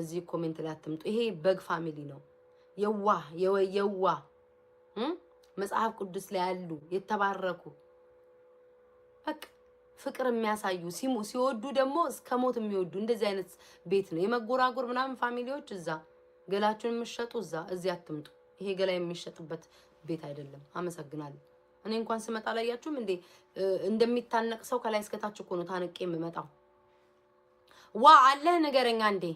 እዚህ ኮሜንት ላይ አትምጡ። ይሄ በግ ፋሚሊ ነው። የዋ የዋ መጽሐፍ ቅዱስ ላይ ያሉ የተባረኩ በቃ ፍቅር የሚያሳዩ ሲወዱ ደግሞ እስከ ሞት የሚወዱ እንደዚህ አይነት ቤት ነው። የመጎራጎር ምናምን ፋሚሊዎች እዛ ገላችሁን የምትሸጡ እዛ እዚህ አትምጡ። ይሄ ገላ የሚሸጥበት ቤት አይደለም። አመሰግናለሁ። እኔ እንኳን ስመጣ አላያችሁም እንዴ? እንደሚታነቅ ሰው ከላይ እስከታች እኮ ነው ታንቄ የምመጣው። ዋ አለህ ነገረኛ እንዴ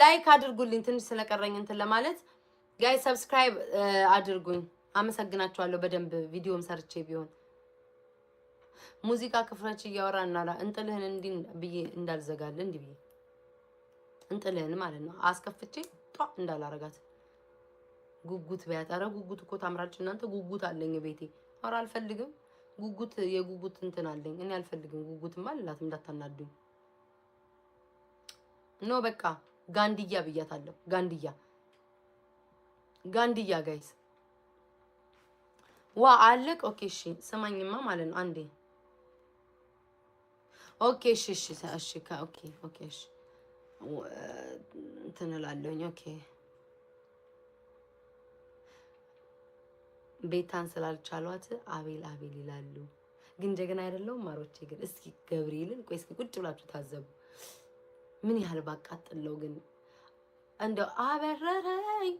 ላይክ አድርጉልኝ ትንሽ ስለቀረኝ እንትን ለማለት ጋይ ሰብስክራይብ አድርጉኝ። አመሰግናችኋለሁ። በደንብ ቪዲዮም ሰርቼ ቢሆን ሙዚቃ ክፍራች እያወራ እናላ እንጥልህን እንዲህ ብዬ እንዳልዘጋል እንዲህ ብዬ እንጥልህን ማለት ነው አስከፍቼ ጧ እንዳላረጋት ጉጉት ቢያጠረ ጉጉት እኮ ታምራለች። እናንተ ጉጉት አለኝ ቤቴ። ኧረ አልፈልግም ጉጉት የጉጉት እንትን አለኝ እኔ አልፈልግም። ጉጉትማ ልላት እንዳታናዱኝ ኖ በቃ ጋንድያ ብያታለሁ። ጋንድያ ጋንድያ ጋይስ ዋ አለቅ። ኦኬ እሺ፣ ስማኝማ ማለት ነው አንዴ። ኦኬ እሺ፣ እሺ፣ እሺ፣ ኦኬ፣ ኦኬ፣ እሺ እንትን እላለሁኝ። ኦኬ ቤታን ስላልቻሏት አቤል አቤል ይላሉ። ግን ጀግና አይደለሁም ማሮቼ። ግን እስኪ ገብርኤልን ቆይ እስኪ ቁጭ ብላችሁ ታዘቡ። ምን ያህል ባቃጥለው ግን እንደው አበረረኝ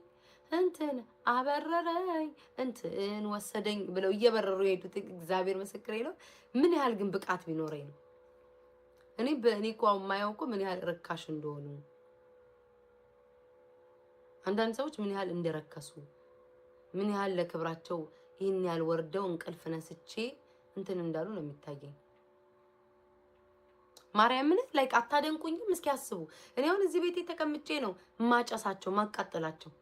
እንትን አበረረኝ እንትን ወሰደኝ ብለው እየበረሩ የሄዱት እግዚአብሔር ምስክሬ ነው። ምን ያህል ግን ብቃት ቢኖረኝ ነው እኔ በእኔ እኮ የማያውቁ ምን ያህል ርካሽ እንደሆኑ አንዳንድ ሰዎች ምን ያህል እንደረከሱ ምን ያህል ለክብራቸው ይህን ያህል ወርደው እንቅልፍ ነስቼ እንትን እንዳሉ ነው የሚታየኝ። ማርያምን ላይክ አታደንቁኝም? እስኪ አስቡ። እኔ አሁን እዚህ ቤቴ ተቀምጬ ነው ማጨሳቸው ማቃጠላቸው።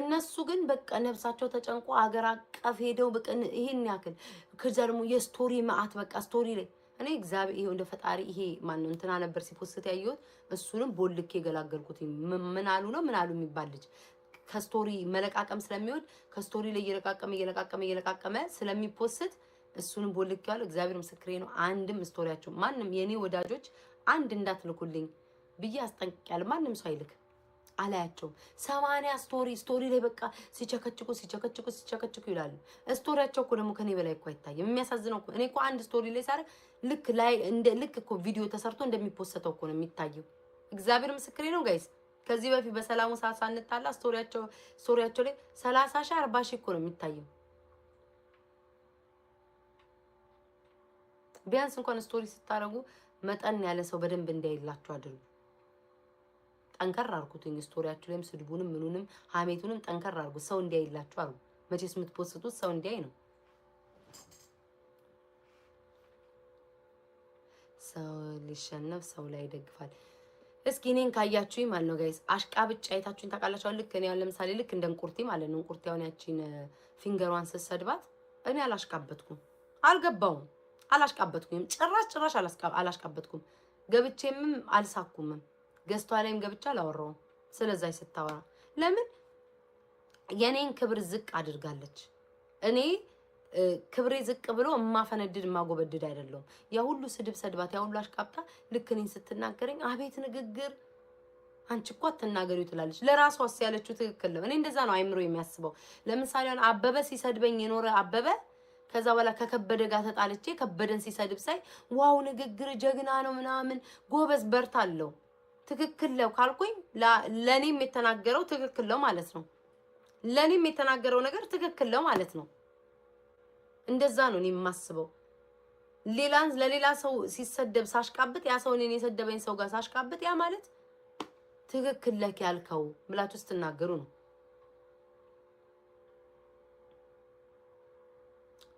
እነሱ ግን በቃ ነብሳቸው ተጨንቆ አገር አቀፍ ሄደው በቃ ይሄን ያክል ከዛ ደግሞ የስቶሪ መዓት በቃ ስቶሪ ላይ እኔ እግዚአብሔር ይሄ እንደ ፈጣሪ ይሄ ማነው እንትና ነበር ሲፖስት ያየሁት እሱንም ቦልኬ የገላገልኩት ምን አሉ ነው ምን አሉ የሚባል ልጅ ከስቶሪ መለቃቀም ስለሚወድ ከስቶሪ ላይ እየለቃቀመ እየለቃቀመ እየለቃቀመ ስለሚፖስት እሱንም ያለው እግዚአብሔር ምስክሬ ነው። አንድም ስቶሪያቸው ማንም የእኔ ወዳጆች አንድ እንዳትልኩልኝ ብዬ አስጠንቅቄያለሁ። ማንም ሰው አይልክ አላያቸውም። ሰማንያ ስቶሪ ስቶሪ ላይ በቃ ሲቸከችኩ ሲቸከችኩ ሲቸከችኩ ይላሉ። ስቶሪያቸው እኮ ደግሞ ከኔ በላይ እኮ አይታየም። የሚያሳዝነው እኮ እኔ እኮ አንድ ስቶሪ ላይ ሳደርግ ልክ ላይ እንደ ልክ እኮ ቪዲዮ ተሰርቶ እንደሚፖሰተው እኮ ነው የሚታየው። እግዚአብሔር ምስክሬ ነው ጋይስ። ከዚህ በፊት በሰላሙ ሳሳ እንጣላ ስቶሪያቸው ስቶሪያቸው ላይ ሰላሳ ሺ አርባ ሺ እኮ ነው የሚታየው። ቢያንስ እንኳን ስቶሪ ስታደርጉ መጠን ያለ ሰው በደንብ እንዳይላችሁ አድርጉ። ጠንከር አርጉትኝ። ስቶሪያችሁ ላይም ስድቡንም ምኑንም ሀሜቱንም ጠንከር አርጉ። ሰው እንዳይላችሁ አርጉ። መቼስ የምትፖስቱት ሰው እንዲያይ ነው። ሰው ሊሸነፍ ሰው ላይ ይደግፋል። እስኪ እኔን ካያችሁኝ ማለት ነው ጋይስ፣ አሽቃ ብጭ አይታችሁኝ ታውቃላችሁ። ልክ እኔ አሁን ለምሳሌ ልክ እንደ እንቁርቲ ማለት ነው እንቁርቲ አሁን ያቺን ፊንገሯን ስሰድባት እኔ አላሽቃበትኩም፣ አልገባውም አላሽቃበትኩም። ጭራሽ ጭራሽ አላሽቃበትኩም። ገብቼምም አልሳኩምም። ገዝቷ ላይም ገብቼ አላወራውም። ስለዛች ስታወራ ለምን የኔን ክብር ዝቅ አድርጋለች? እኔ ክብሬ ዝቅ ብሎ የማፈነድድ የማጎበድድ አይደለሁም። ያ ሁሉ ስድብ ሰድባት፣ ያ ሁሉ አሽቃብታ ልክ እኔን ስትናገረኝ አቤት ንግግር አንቺ እኮ አትናገሪው ትላለች። ለራሷ ያለችው ትክክል ነው። እኔ እንደዛ ነው አይምሮ የሚያስበው። ለምሳሌ አበበ ሲሰድበኝ የኖረ አበበ ከዛ በኋላ ከከበደ ጋር ተጣልቼ ከበደን ሲሰድብ ሳይ ዋው ንግግር ጀግና ነው ምናምን ጎበዝ በርታ አለው። ትክክል ለው ካልኩኝ ለእኔም የተናገረው ትክክል ለው ማለት ነው። ለእኔም የተናገረው ነገር ትክክል ለው ማለት ነው። እንደዛ ነው እኔ የማስበው። ሌላን ለሌላ ሰው ሲሰደብ ሳሽቃብጥ ያ ሰው እኔን የሰደበኝ ሰው ጋር ሳሽቃብጥ ያ ማለት ትክክል ለክ ያልከው ብላችሁ ስትናገሩ ነው።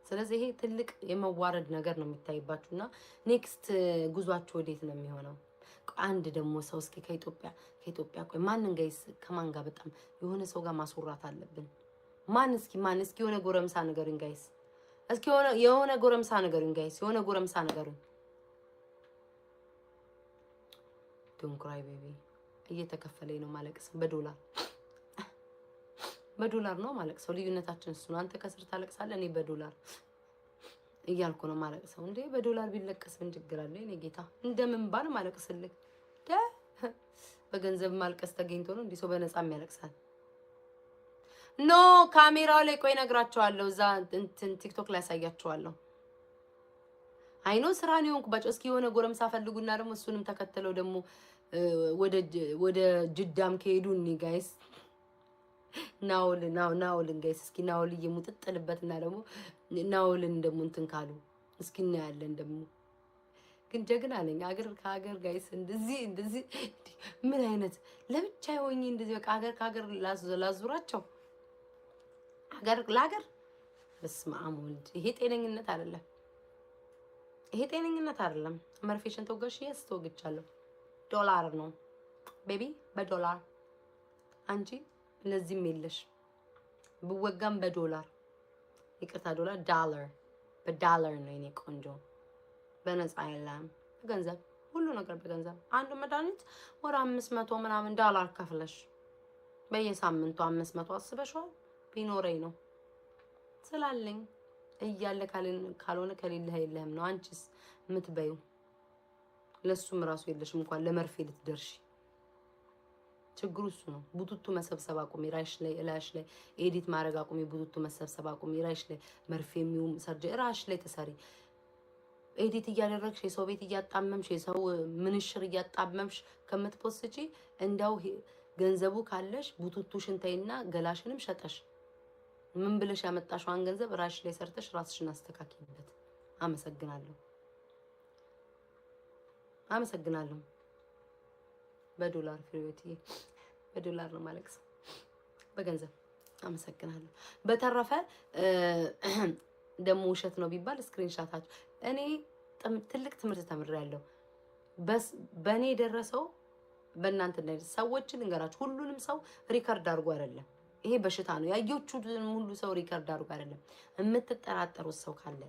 ስለዚህ ይሄ ትልቅ የመዋረድ ነገር ነው የሚታይባችሁ። እና ኔክስት ጉዟችሁ ወዴት ነው የሚሆነው? አንድ ደግሞ ሰው እስኪ ከኢትዮጵያ ከኢትዮጵያ ቆይ ማንን ጋይስ ከማን ጋር በጣም የሆነ ሰው ጋር ማስወራት አለብን። ማን እስኪ ማን እስኪ የሆነ ጎረምሳ ነገሩን ጋይስ እስኪ የሆነ ጎረምሳ ነገሩን ጋይስ የሆነ ጎረምሳ ነገሩን ዶንት ክራይ ቤቢ እየተከፈለኝ ነው ማለቅስ በዶላር በዶላር ነው ማለቅሰው ሰው ልዩነታችን እሱ ነው። አንተ ከስር ታለቅሳለህ፣ እኔ በዶላር እያልኩ ነው ማለቅ ሰው። እንዴ በዶላር ቢለቀስ ምን ችግር አለ? እኔ ጌታ እንደምን ባል ማለቅስልህ። በገንዘብ ማልቀስ ተገኝቶ ነው እንዲህ ሰው በነፃም ያለቅሳል። ኖ ካሜራው ላይ ቆይ ነግራቸዋለሁ። እዛ እንትን ቲክቶክ ላይ ያሳያቸዋለሁ። አይኖ ስራ ነው የሆንኩባቸው። እስኪ የሆነ ጎረምሳ ፈልጉና ደግሞ እሱንም ተከተለው ደግሞ ወደ ጅዳም ከሄዱ እኒ ጋይስ ናውል ናውልን ጋይስ እስኪ ናውል እየሙጥጥልበት እና ደግሞ ናውልን ደግሞ እንትን ካሉ እስኪ እናያለን ደግሞ ግን ጀግና ነኝ። አገር ከሀገር ጋይስ እንደዚህ እንደዚህ ምን አይነት ለብቻ የሆኝ እንደዚህ በቃ ሀገር ከሀገር ላዙራቸው ሀገር ለሀገር በስመ አብ ወልድ። ይሄ ጤነኝነት አይደለም። ይሄ ጤነኝነት አይደለም። መርፌሽን ተወጋሽ? የስ ተወግቻለሁ። ዶላር ነው ቤቢ፣ በዶላር አንቺ ለዚህም የለሽ ብወጋም በዶላር ይቅርታ፣ ዶላር ዳለር በዳለር ነው የኔ ቆንጆ። በነፃ የለም፣ በገንዘብ ሁሉ ነገር በገንዘብ አንዱ መድኃኒት ወደ አምስት መቶ ምናምን ዳላር ከፍለሽ በየሳምንቱ አምስት መቶ አስበሽዋል። ቢኖረኝ ነው ስላለኝ እያለ ካልሆነ ከሌለህ የለህም ነው። አንቺስ የምትበይው ለሱም ራሱ የለሽም እንኳን ለመርፌ ልትደርሺ ችግሩ እሱ ነው። ቡቱቱ መሰብሰብ አቁሚ፣ ራሽ ላይ እላሽ ላይ ኤዲት ማድረግ አቁሚ፣ ቡቱቱ መሰብሰብ አቁሚ፣ ራሽ ላይ መርፌ የሚውም ሰርጀ ራሽ ላይ ተሰሪ ኤዲት እያደረግሽ የሰው ቤት እያጣመምሽ የሰው ምንሽር እያጣመምሽ ከምትፖስጪ እንዳው ገንዘቡ ካለሽ ቡቱቱ ሽንታይና ገላሽንም ሸጠሽ ምን ብለሽ ያመጣሽዋን ገንዘብ ራሽ ላይ ሰርተሽ ራስሽን አስተካክይበት። አመሰግናለሁ። አመሰግናለሁ። በዶላር ፍሬዎት በዶላር ነው ማለቅሰው በገንዘብ አመሰግናለሁ። በተረፈ ደግሞ ውሸት ነው ቢባል ስክሪንሻታችሁ እኔ ትልቅ ትምህርት ተምሬያለሁ። በእኔ የደረሰው በእናንተ ላይ ሰዎችን ልንገራችሁ። ሁሉንም ሰው ሪከርድ አድርጎ አይደለም ይሄ በሽታ ነው። ያየችሁትን ሁሉ ሰው ሪከርድ አድርጎ አይደለም። የምትጠራጠሩት ሰው ካለ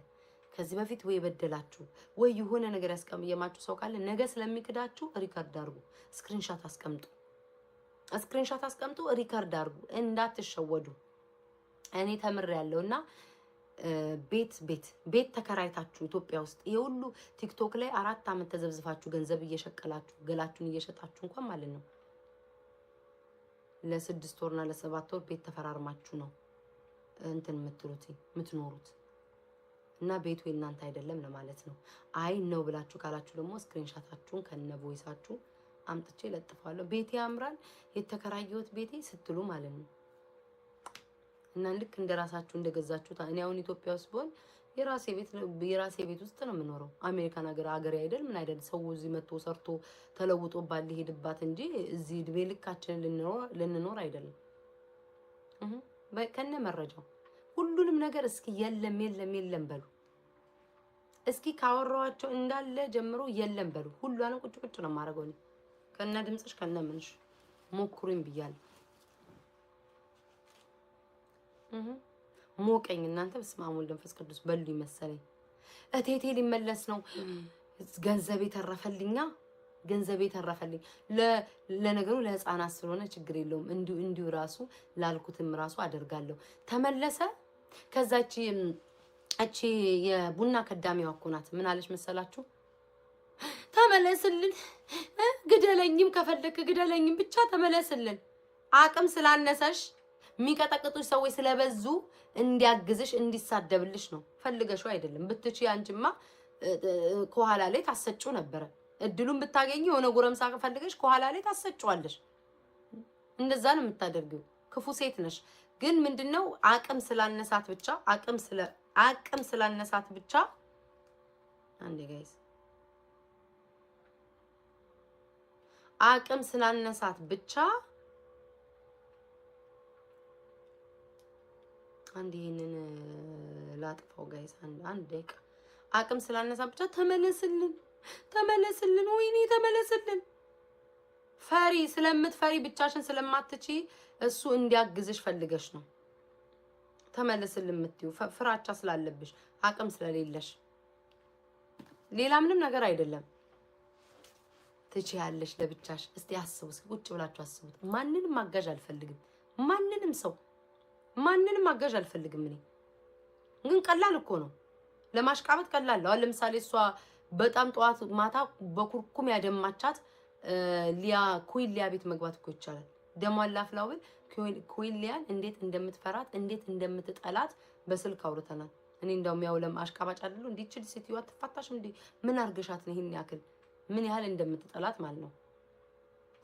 ከዚህ በፊት ወይ የበደላችሁ ወይ የሆነ ነገር ያስቀየማችሁ ሰው ካለ ነገ ስለሚክዳችሁ ሪከርድ አርጉ፣ ስክሪንሻት አስቀምጡ፣ ስክሪንሻት አስቀምጡ፣ ሪከርድ አርጉ፣ እንዳትሸወዱ። እኔ ተምር ያለውና እና ቤት ቤት ቤት ተከራይታችሁ ኢትዮጵያ ውስጥ የሁሉ ቲክቶክ ላይ አራት ዓመት ተዘብዝፋችሁ ገንዘብ እየሸቀላችሁ ገላችሁን እየሸጣችሁ እንኳን ማለት ነው ለስድስት ወርና ለሰባት ወር ቤት ተፈራርማችሁ ነው እንትን የምትሉት የምትኖሩት እና ቤቱ የእናንተ አይደለም ለማለት ነው። አይ ነው ብላችሁ ካላችሁ ደግሞ ስክሪንሻታችሁን ከነ ቮይሳችሁ አምጥቼ ለጥፈዋለሁ። ቤቴ ያምራል የተከራየሁት ቤቴ ስትሉ ማለት ነው። እና ልክ እንደ ራሳችሁ እንደገዛችሁት እኔ አሁን ኢትዮጵያ ውስጥ ብሆን የራሴ ቤት የራሴ ቤት ውስጥ ነው የምኖረው። አሜሪካን ሀገር ሀገሬ አይደል ምን አይደል ሰው እዚህ መጥቶ ሰርቶ ተለውጦባት ሊሄድባት እንጂ እዚህ ድቤ ልካችንን ልንኖር አይደለም ከነ መረጃው ሁሉንም ነገር እስኪ የለም የለም የለም በሉ። እስኪ ካወራኋቸው እንዳለ ጀምሮ የለም በሉ። ሁሉንም ቁጭ ቁጭ ነው የማደርገው ከነ ድምፅሽ ከነ ምንሽ ሞክሩኝ ብያለሁ። ሞቀኝ እናንተ በስመ አብ ወወልድ ወመንፈስ ቅዱስ በሉ ይመሰለኝ እቴቴ ሊመለስ ነው ገንዘቤ ገንዘብ ገንዘቤ ተረፈልኝ። ለነገሩ ለህፃናት ስለሆነ ችግር የለውም። እንዲሁ እንዲሁ ራሱ ላልኩትም ራሱ አደርጋለሁ ተመለሰ ከዛቺ እቺ የቡና ከዳሚዋ እኮ ናት። ምን አለች መሰላችሁ? ተመለስልን፣ ግደለኝም፣ ከፈለክ ግደለኝም፣ ብቻ ተመለስልን። አቅም ስላነሰሽ የሚቀጠቅጡሽ ሰዎች ስለበዙ እንዲያግዝሽ እንዲሳደብልሽ ነው ፈልገሽው አይደለም። ብትቺ አንቺማ ከኋላ ላይ ታሰጪው ነበረ። እድሉን ብታገኝ የሆነ ጎረምሳ ፈልገሽ ከኋላ ላይ ታሰጪዋለሽ። እንደዛ ነው የምታደርጊው። ክፉ ሴት ነሽ። ግን ምንድነው አቅም ስላነሳት ብቻ አቅም ስለ አቅም ስላነሳት ብቻ አንዴ ጋይስ አቅም ስላነሳት ብቻ አንድ ይሄንን ላጥፋው ጋይስ አንድ አንድ ደቂቃ አቅም ስላነሳት ብቻ ተመለስልን፣ ተመለስልን፣ ወይኔ ተመለስልን። ፈሪ ስለምትፈሪ ብቻሽን ስለማትቺ እሱ እንዲያግዝሽ ፈልገሽ ነው ተመለስልን የምትይው ፍራቻ ስላለብሽ አቅም ስለሌለሽ ሌላ ምንም ነገር አይደለም። ያለሽ ለብቻሽ። እስቲ አስቡ፣ እስኪ ቁጭ ብላችሁ አስቡት። ማንንም ማጋዥ አልፈልግም። ማንንም ሰው ማንንም ማጋዥ አልፈልግም። እኔ ግን ቀላል እኮ ነው ለማሽቃበት ቀላል ነው። ለምሳሌ እሷ በጣም ጠዋት ማታ በኩርኩም ያደማቻት ሊያ ኮይን ሊያ ቤት መግባት እኮ ይቻላል። ደሟን ላፍላውል ኮይን ሊያን እንዴት እንደምትፈራት እንዴት እንደምትጠላት በስልክ አውርተናል። እኔ እንደውም ያው ለም አሽቃባጭ አይደሉ እንዲችል ሴትዮዋ ትፋታሽ እንዴ? ምን አርገሻት ነው ይሄን ያክል ምን ያህል እንደምትጠላት ማለት ነው።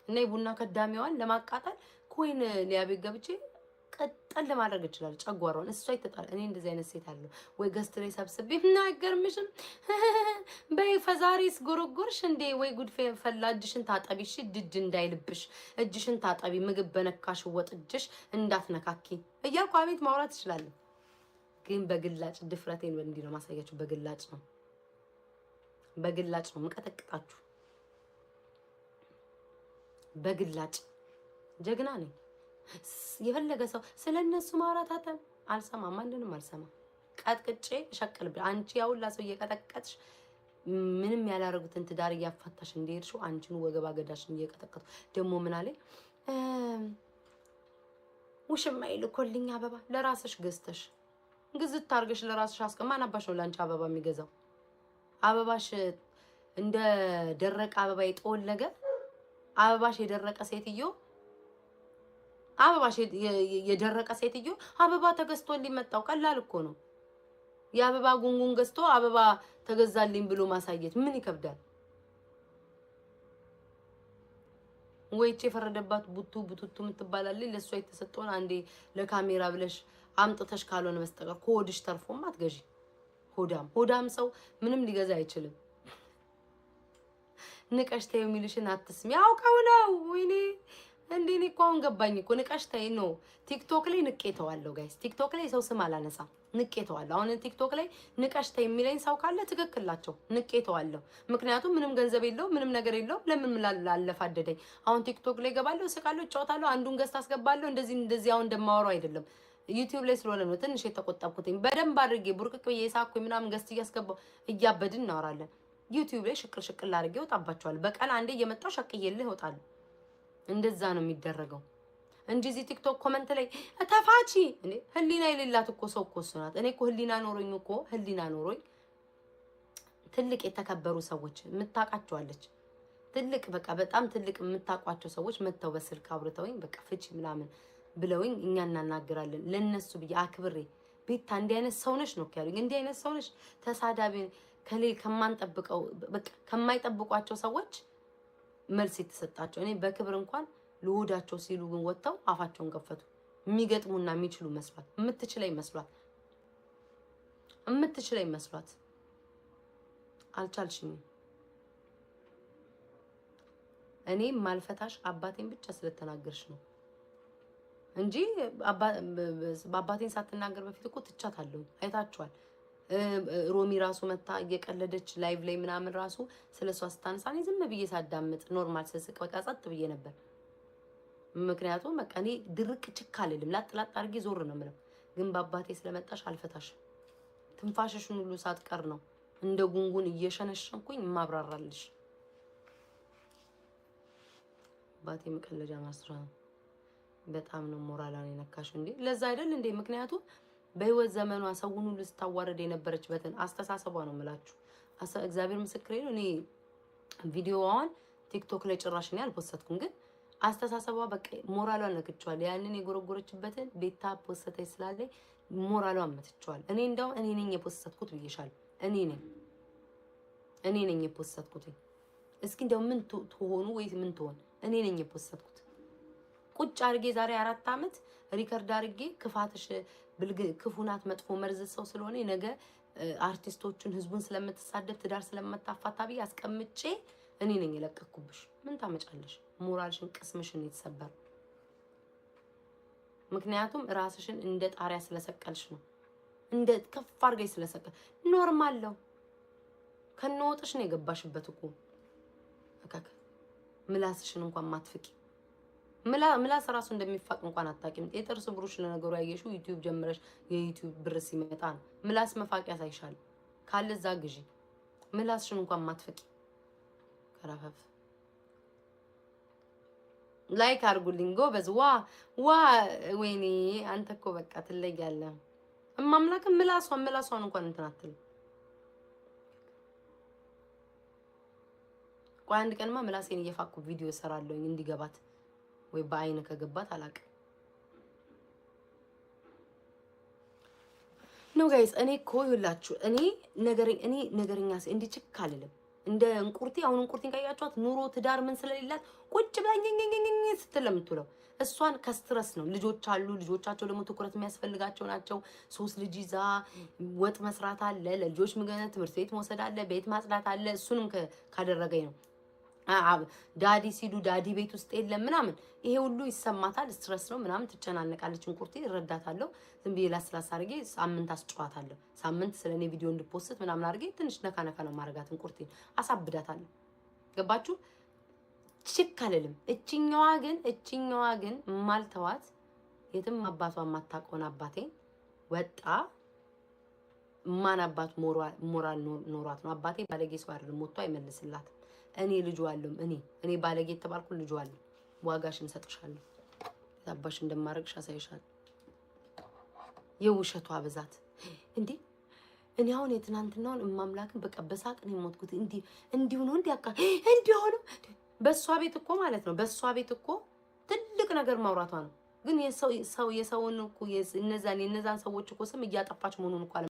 እና የቡና ከዳሚዋን ለማቃጠል ኮይን ሊያ ቤት ገብቼ ቀጠል ለማድረግ ይችላል። ጨጓሯን እሷ ይተጣል። እኔ እንደዚህ አይነት ሴት አለሁ ወይ ገስት ላይ ሰብስቤ እና አይገርምሽም? በይ ፈዛሪስ ጎረጎርሽ እንዴ? ወይ ጉድ ፈላ። እጅሽን ታጠቢ እሺ፣ ድድ እንዳይልብሽ እጅሽን ታጠቢ። ምግብ በነካሽ ወጥ እጅሽ እንዳትነካኪ እያልኩ አቤት ማውራት እችላለሁ። ግን በግላጭ ድፍረቴን እንዲህ ነው ማሳያችሁ። በግላጭ ነው በግላጭ ነው ምቀጠቅጣችሁ። በግላጭ ጀግና ነኝ። የፈለገ ሰው ስለ እነሱ ማውራት አልሰማ ማንንም አልሰማ ቀጥቅጬ እሸቅልብ አንቺ ያውላ ሰው እየቀጠቀጥሽ ምንም ያላረጉትን ትዳር እያፋታሽ እንደሄድሽው አንቺን ወገባ ገዳሽን እየቀጠቀጡ ደግሞ ምን አለ ውሽማ ይልኮልኝ አበባ ለራስሽ ገዝተሽ ግዝት ታርገሽ ለራስሽ አስቀማ። ማን ነው ለአንቺ አበባ የሚገዛው? አበባሽ እንደ ደረቀ አበባ የጠወለገ አበባሽ የደረቀ ሴትዮ አበባሽ የደረቀ ሴትዮ አበባ ተገዝቶ ሊመጣው ቀላል እኮ ነው። የአበባ ጉንጉን ገዝቶ አበባ ተገዛልኝ ብሎ ማሳየት ምን ይከብዳል? ወይቼ የፈረደባት ቡቱ ቡቱቱ ምትባላል ለእሷ የተሰጠውን አንዴ ለካሜራ ብለሽ አምጥተሽ ካልሆነ መስጠቀር ከሆድሽ ተርፎም አትገዢ። ሆዳም ሆዳም ሰው ምንም ሊገዛ አይችልም። ንቀሽተ የሚልሽን አትስሚ። አውቀው ነው ወይኔ አሁን ገባኝ እኮ ንቀሽ ተይ ነው። ቲክቶክ ላይ ንቄ ተዋለሁ ጋይስ። ቲክቶክ ላይ ሰው ስም አላነሳ ንቄ ተዋለሁ። አሁን ቲክቶክ ላይ ንቀሽ ተይ የሚለኝ ሰው ካለ ትክክላቸው፣ ንቄ ተዋለሁ። ምክንያቱም ምንም ገንዘብ የለው ምንም ነገር የለው። ለምን ላለፋደደኝ? አሁን ቲክቶክ ላይ ገባለሁ፣ ስቃለሁ፣ እጫወታለሁ፣ አንዱን ገስት አስገባለሁ። እንደዚህ እንደዚህ አሁን እንደማወራው አይደለም። ዩቲዩብ ላይ ስለሆነ ነው ትንሽ የተቆጠብኩትኝ። በደንብ አድርጌ ቡርቅቅ ብዬ ሳኩኝ ምናምን ገስት እያስገባው እያበድን እናወራለን። ዩቲዩብ ላይ ሽቅል ሽቅል አድርጌ እወጣባቸዋለሁ። በቀን አንዴ እየመጣው ሸቅዬልህ እወጣለሁ። እንደዛ ነው የሚደረገው እንጂ እዚህ ቲክቶክ ኮመንት ላይ ተፋቺ እንዴ ህሊና የሌላት እኮ ሰው እኮ እሱ ናት። እኔ እኮ ህሊና ኖሮኝ እኮ ህሊና ኖሮኝ ትልቅ የተከበሩ ሰዎች የምታውቃቸዋለች ትልቅ በቃ በጣም ትልቅ የምታውቋቸው ሰዎች መጥተው በስልክ አውርተውኝ በቃ ፍቺ ምናምን ብለውኝ እኛ እናናግራለን ለነሱ ብዬ አክብሬ ቤታ እንዲህ አይነት ሰው ነው ያሉኝ። እንዲህ አይነት ሰው ተሳዳቢ ከሌ ከማንጠብቀው ከማይጠብቋቸው ሰዎች መልስ የተሰጣቸው። እኔ በክብር እንኳን ልውዳቸው ሲሉ ግን ወጥተው አፋቸውን ከፈቱ። የሚገጥሙና የሚችሉ መስሏት የምትችለኝ መስሏት የምትችለኝ መስሏት አልቻልሽኝም። እኔ ማልፈታሽ አባቴን ብቻ ስለተናገርሽ ነው እንጂ በአባቴን ሳትናገር በፊት እኮ ትቻታለሁ። አይታችኋል። ሮሚ ራሱ መታ እየቀለደች ላይቭ ላይ ምናምን ራሱ ስለ እሷ ስታነሳ እኔ ዝም ብዬ ሳዳምጥ ኖርማል ስስቅ በቃ ጸጥ ብዬ ነበር። ምክንያቱም በቃ እኔ ድርቅ ችክ አልልም፣ ላጥ ላጥ አድርጌ ዞር ነው ምለው። ግን በአባቴ ስለመጣሽ አልፈታሽም፣ ትንፋሽሽን ሁሉ ሳትቀር ነው እንደ ጉንጉን እየሸነሸንኩኝ ማብራራልሽ። አባቴ መቀለጃ ማስራ ነው። በጣም ነው ሞራላን የነካሽ እንዴ! ለዛ አይደል እንዴ? ምክንያቱም በህይወት ዘመኗ ሰውን ሁሉ ስታዋረድ የነበረችበትን አስተሳሰቧ ነው የምላችሁ። እግዚአብሔር ምስክሬ ነው። እኔ ቪዲዮዋን ቲክቶክ ላይ ጭራሽ እኔ አልፖሰትኩም፣ ግን አስተሳሰቧ በቃ ሞራሏን ነክቸዋል። ያንን የጎረጎረችበትን ቤታ ፖሰተች ስላለ ሞራሏን መትቸዋል። እኔ እንዳውም እኔ ነኝ የፖሰትኩት ብዬሻል። እኔ ነኝ እኔ ነኝ የፖሰትኩት። እስኪ እንደው ምን ትሆኑ ወይ ምን ትሆን? እኔ ነኝ የፖሰትኩት ቁጭ አድርጌ ዛሬ አራት አመት ሪከርድ አድርጌ ክፋትሽ ብልግ ክፉናት መጥፎ መርዝ ሰው ስለሆነ ነገ አርቲስቶቹን ህዝቡን ስለምትሳደብ ትዳር ስለምታፋታ ብዬ አስቀምጬ እኔ ነኝ የለቀኩብሽ። ምን ታመጫለሽ? ሞራልሽን፣ ቅስምሽን የተሰበር ምክንያቱም ራስሽን እንደ ጣሪያ ስለሰቀልሽ ነው። እንደ ከፍ አድርገሽ ስለሰቀል ኖርማል ነው። ከነወጥሽ ነው የገባሽበት እኮ ምላስሽን እንኳን ማትፍቂ ምላስ ራሱ እንደሚፋቅ እንኳን አታውቂም። የጥርስ ብሩሽ ለነገሩ ያየሽው ዩቲዩብ ጀምረሽ የዩቲዩብ ብር ሲመጣ ነው። ምላስ መፋቂያ ያሳይሻል ካለዛ ግዢ። ምላስሽን እንኳን ማትፈቂ ከረፈፍ ላይክ አርጉልኝ ጎበዝ። ዋ ዋ፣ ወይኔ አንተ እኮ በቃ ትለያለህ። እማምላክም ምላሷን ምላሷን እንኳን እንትን አትልም። ቆይ አንድ ቀንማ ምላሴን እየፋቁ ቪዲዮ እሰራለሁኝ እንዲገባት ወይ በአይን ከገባት አላቅም ነው ጋይስ። እኔ እኮ ይላችሁ እኔ ነገረኝ እኔ ነገረኛ እንዲህ ችክ አልልም። እንደ እንቁርቲ አሁን እንቁርቲን ካያችኋት ኑሮ ትዳር ምን ስለሌላት ቁጭ ብላ ስትል ለምትውለው እሷን ከስትረስ ነው። ልጆች አሉ። ልጆቻቸው ደግሞ ትኩረት የሚያስፈልጋቸው ናቸው። ሶስት ልጅ ይዛ ወጥ መስራት አለ፣ ለልጆች ምግብ፣ ትምህርት ቤት መውሰድ አለ፣ ቤት ማጽዳት አለ። እሱንም ካደረገኝ ነው ዳዲ ሲሉ ዳዲ ቤት ውስጥ የለም ምናምን ይሄ ሁሉ ይሰማታል። ስትረስ ነው ምናምን ትጨናነቃለች። እንቁርቴ እረዳታለሁ። ዝም ብዬ ላስላሳ አድርጌ ሳምንት አስጨዋታለሁ። ሳምንት ስለ እኔ ቪዲዮ እንድፖስት ምናምን አድርጌ ትንሽ ነካ ነካ ነው ማድረጋት። እንቁርቴ አሳብዳታለሁ። ገባችሁ? ችክ አልልም። እችኛዋ ግን እችኛዋ ግን ማልተዋት የትም አባቷ የማታውቀውን አባቴን ወጣ ማን አባት ሞራል ኖሯት ነው? አባቴ ባለጌ ሰው አይደለም፣ ሞቶ አይመልስላት እኔ ልጁ አለሁም። እኔ እኔ ባለጌ የተባልኩ ልጁ አለሁ። ዋጋሽን ሰጥሻለሁ። ታባሽ እንደማረግሽ አሳይሻለሁ። የውሸቷ ብዛት እንዴ! እኔ አሁን የትናንትናውን እማምላክን በቃ በሳቅ ነው የሞትኩት። እንዲ እንዲሁ ነው እንዲ አካ እንዲሁ ነው። በእሷ ቤት እኮ ማለት ነው በእሷ ቤት እኮ ትልቅ ነገር ማውራቷ ነው። ግን የሰው የሰውን እኮ እነዛን የነዛን ሰዎች እኮ ስም እያጠፋች መሆኑን እኮ